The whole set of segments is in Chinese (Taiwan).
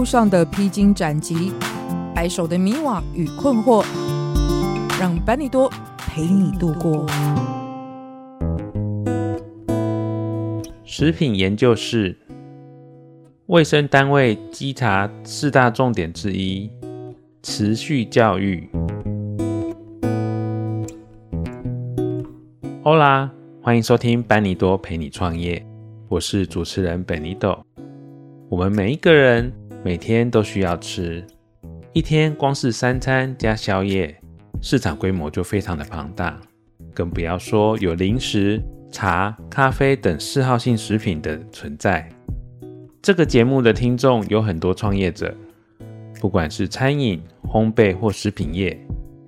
路上的披荊斬棘，白首的迷惘與困惑，讓班尼多陪你度過。食品研究室，衛生單位稽查四大重點之一，持續教育。歐啦，歡迎收聽班尼多陪你創業，我是主持人班尼多，我們每一個人。每天都需要吃，一天光是三餐加宵夜，市場規模就非常的龐大，更不要說有零食、茶、咖啡等嗜好性食品的存在。這個節目的聽眾有很多創業者，不管是餐飲、烘焙或食品業，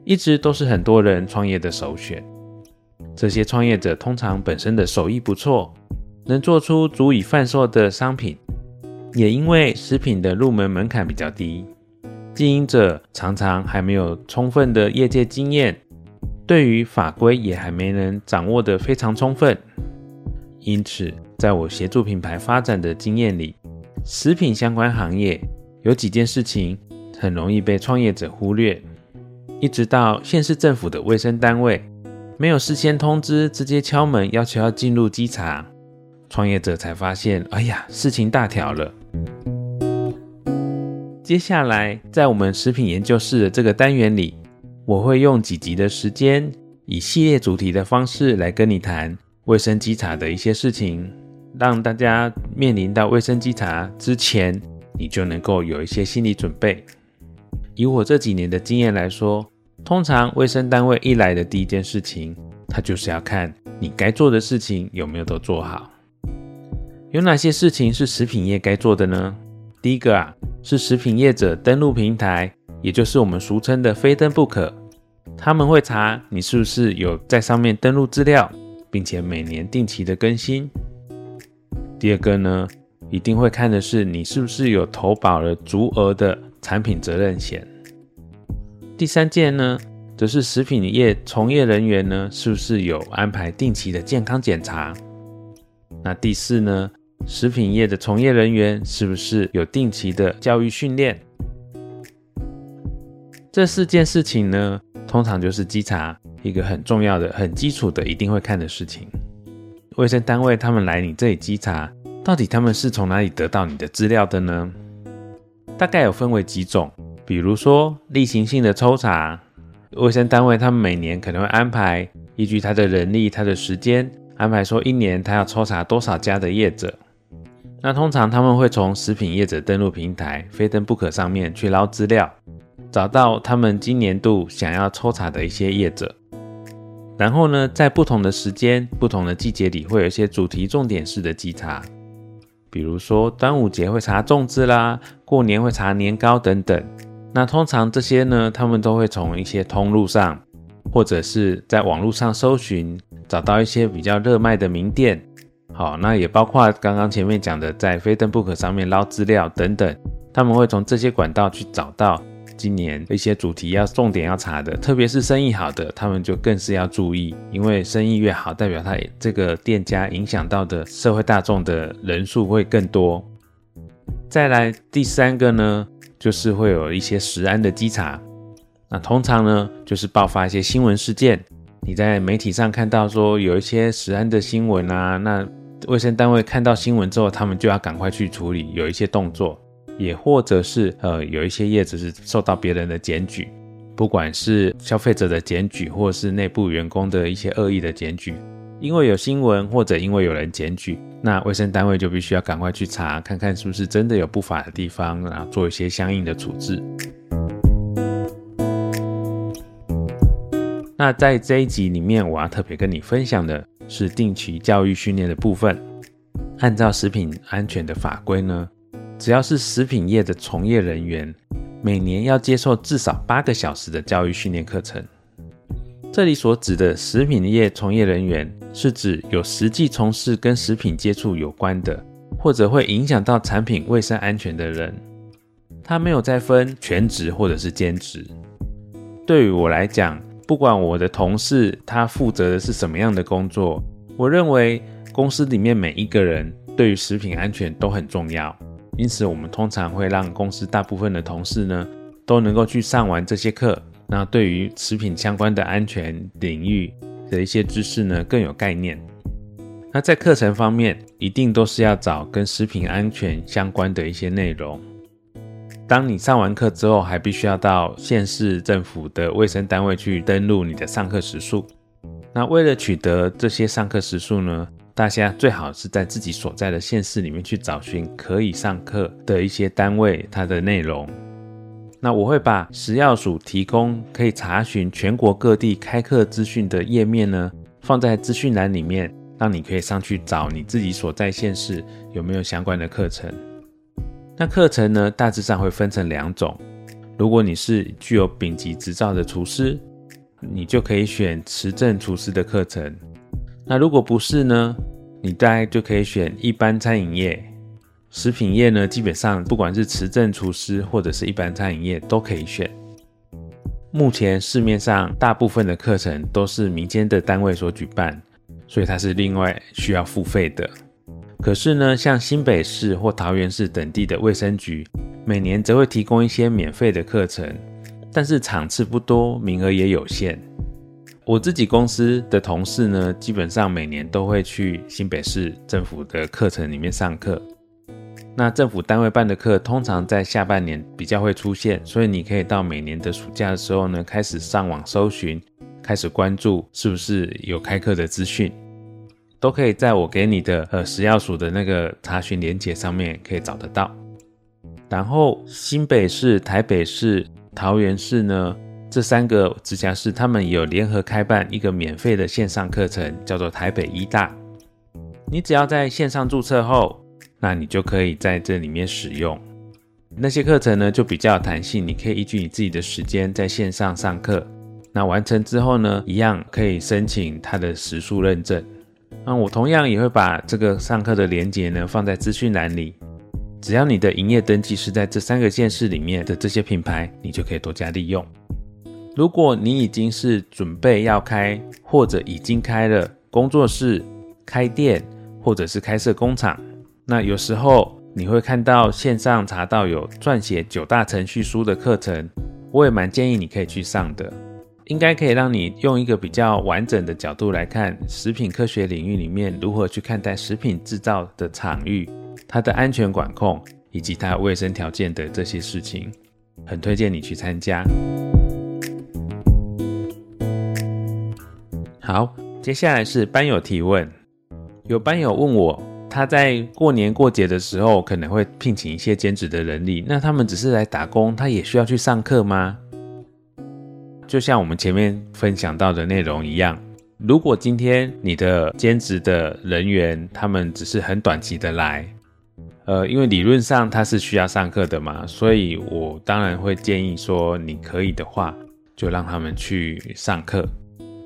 一直都是很多人創業的首選。這些創業者通常本身的手藝不錯，能做出足以販售的商品。也因為食品的入門門檻比較低，經營者常常還沒有充分的業界經驗，對於法規也還沒能掌握得非常充分。因此，在我協助品牌發展的經驗裡，食品相關行業有幾件事情很容易被創業者忽略，一直到縣市政府的衛生單位沒有事先通知，直接敲門要求要進入稽查，創業者才發現，哎呀，事情大條了。接下來，在我們食品研究室的這個單元裡，我會用幾集的時間，以系列主題的方式來跟你談衛生稽查的一些事情，讓大家面臨到衛生稽查之前，你就能夠有一些心理準備。以我這幾年的經驗來說，通常衛生單位一來的第一件事情，他就是要看你該做的事情有沒有都做好。有哪些事情是食品業該做的呢？第一個啊，是食品業者登錄平台，也就是我們俗稱的“非登不可”。他們會查你是不是有在上面登錄資料，並且每年定期的更新。第二個呢，一定會看的是你是不是有投保了足額的產品責任險。第三件呢，則是食品業從業人員呢，是不是有安排定期的健康檢查。那第四呢？食品業的從業人員是不是有定期的教育訓練？這四件事情呢，通常就是稽查一個很重要的、很基礎的，一定會看的事情。衛生單位他們來你這裡稽查，到底他們是從哪裡得到你的資料的呢？大概有分為幾種，比如說例行性的抽查，衛生單位他們每年可能會安排，依據他的人力、他的時間，安排說一年他要抽查多少家的業者。那通常他們會從食品業者登錄平台，非登不可上面去撈資料，找到他們今年度想要抽查的一些業者，然後呢，在不同的時間、不同的季節裡，會有一些主題重點式的稽查，比如說端午節會查粽子啦，過年會查年糕等等。那通常這些呢，他們都會從一些通路上，或者是在網絡上搜尋，找到一些比較熱賣的名店。好，哦，那也包括剛剛前面講的，在 Facebook 上面撈資料等等，他們會從這些管道去找到今年一些主題要重點要查的，特別是生意好的，他們就更是要注意，因為生意越好，代表他這個店家影響到的社會大眾的人數會更多。再來第三個呢，就是會有一些食安的稽查，那通常呢，就是爆發一些新聞事件，你在媒體上看到說有一些食安的新聞啊，那衛生單位看到新聞之後，他們就要趕快去處理，有一些動作，也或者是呃有一些業者是受到別人的檢舉，不管是消費者的檢舉，或是內部員工的一些惡意的檢舉，因為有新聞或者因為有人檢舉，那衛生單位就必須要趕快去查看看是不是真的有不法的地方，然後做一些相應的處置。那在這一集裡面，我要特別跟你分享的。是定期教育訓練的部分。按照食品安全的法規呢，只要是食品業的從業人員，每年要接受至少八個小時的教育訓練課程。這裡所指的食品業從業人員，是指有實際從事跟食品接觸有關的，或者會影響到產品衛生安全的人。他沒有再分全職或者是兼職。對於我來講，不管我的同事他負責的是什麼樣的工作，我認為公司裡面每一個人對於食品安全都很重要。因此，我們通常會讓公司大部分的同事呢都能夠去上完這些課。那對於食品相關的安全領域的一些知識呢更有概念。那在課程方面，一定都是要找跟食品安全相關的一些內容。當你上完課之後，還必須要到縣市政府的衛生單位去登錄你的上課時數。那為了取得這些上課時數呢，大家最好是在自己所在的縣市裡面去找尋可以上課的一些單位，它的內容。那我會把食藥署提供可以查詢全國各地開課資訊的頁面呢，放在資訊欄裡面，讓你可以上去找你自己所在縣市有沒有相關的課程。那課程呢，大致上會分成兩種。如果你是具有丙級執照的廚師，你就可以選持證廚師的課程。那如果不是呢，你大概就可以選一般餐飲業、食品業呢。基本上，不管是持證廚師或者是一般餐飲業，都可以選。目前市面上大部分的課程都是民間的單位所舉辦，所以它是另外需要付費的。可是呢，像新北市或桃園市等地的衛生局，每年則會提供一些免費的課程，但是場次不多，名額也有限。我自己公司的同事呢，基本上每年都會去新北市政府的課程裡面上課。那政府單位辦的課，通常在下半年比較會出現，所以你可以到每年的暑假的時候呢，開始上網搜尋，開始關注是不是有開課的資訊。都可以在我給你的呃食藥署的那個查詢連結上面可以找得到。然後新北市、台北市、桃園市呢，這三個直轄市，他們有聯合開辦一個免費的線上課程，叫做台北 e 大。你只要在線上註冊後，那你就可以在這裡面使用那些課程呢，就比較有彈性，你可以依據你自己的時間在線上上課。那完成之後呢，一樣可以申請它的時數認證。那我同樣也會把這個上課的鏈接呢，放在資訊欄裡。只要你的營業登記是在這三個縣市裡面的這些品牌，你就可以多加利用。如果你已經是準備要開或者已經開了工作室、開店或者是開設工廠，那有時候你會看到線上查到有撰寫九大程序書的課程，我也蠻建議你可以去上的。應該可以讓你用一個比較完整的角度來看食品科學領域裡面如何去看待食品製造的場域、它的安全管控以及它衛生條件的這些事情，很推薦你去參加。好，接下來是班友提問，有班友問我，他在過年過節的時候可能會聘請一些兼職的人力，那他們只是來打工，他也需要去上課嗎？就像我們前面分享到的內容一樣，如果今天你的兼職的人員他們只是很短期的來，呃，因為理論上他是需要上課的嘛，所以我當然會建議說，你可以的話，就讓他們去上課。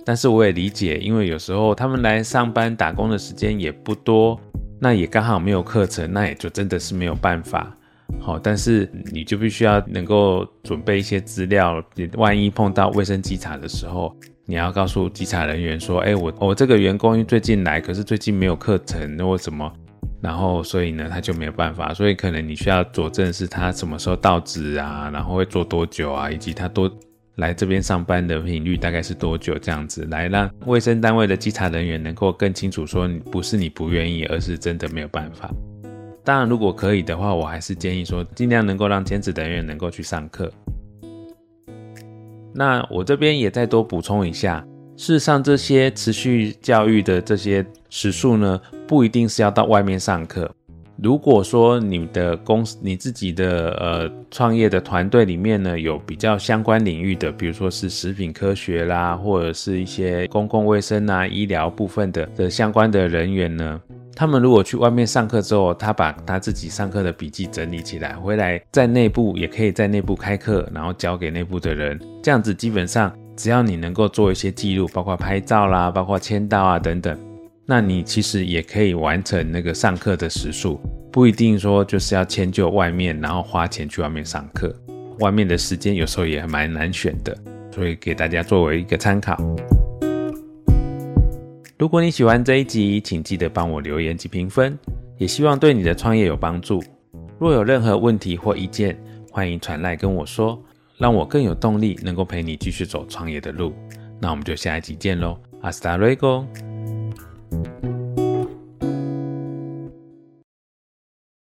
但是我也理解，因為有時候他們來上班打工的時間也不多，那也剛好沒有課程，那也就真的是沒有辦法。好，但是你就必須要能夠準備一些資料。你萬一碰到衛生稽查的時候，你要告訴稽查人員說：“哎，我我這個員工最近來，可是最近沒有課程或什麼，然後所以呢，他就沒有辦法。所以可能你需要佐證是他什麼時候到職啊，然後會做多久啊，以及他多來這邊上班的頻率大概是多久這樣子，來讓衛生單位的稽查人員能夠更清楚說，你不是你不願意，而是真的沒有辦法。”當然，如果可以的話，我還是建議說，儘量能夠讓兼職的人員能夠去上課。那我這邊也再多補充一下，事實上這些持續教育的這些時數呢，不一定是要到外面上課。如果說你的公司、你自己的呃創業的團隊裡面呢，有比較相關領域的，比如說是食品科學啦，或者是一些公共衛生啊、醫療部分的的相關的人員呢。他們如果去外面上課之後，他把他自己上課的筆記整理起來，回來在內部也可以在內部開課，然後教給內部的人。這樣子基本上只要你能夠做一些記錄，包括拍照啦，包括簽到啊等等，那你其實也可以完成那個上課的時數，不一定說就是要遷就外面，然後花錢去外面上課。外面的時間有時候也蠻難選的，所以給大家作為一個參考。如果你喜歡這一集，請記得幫我留言及評分，也希望對你的創業有幫助。若有任何問題或意見，歡迎傳 Line 跟我說，讓我更有動力，能夠陪你繼續走創業的路。那我們就下一集見嘍，Hasta luego。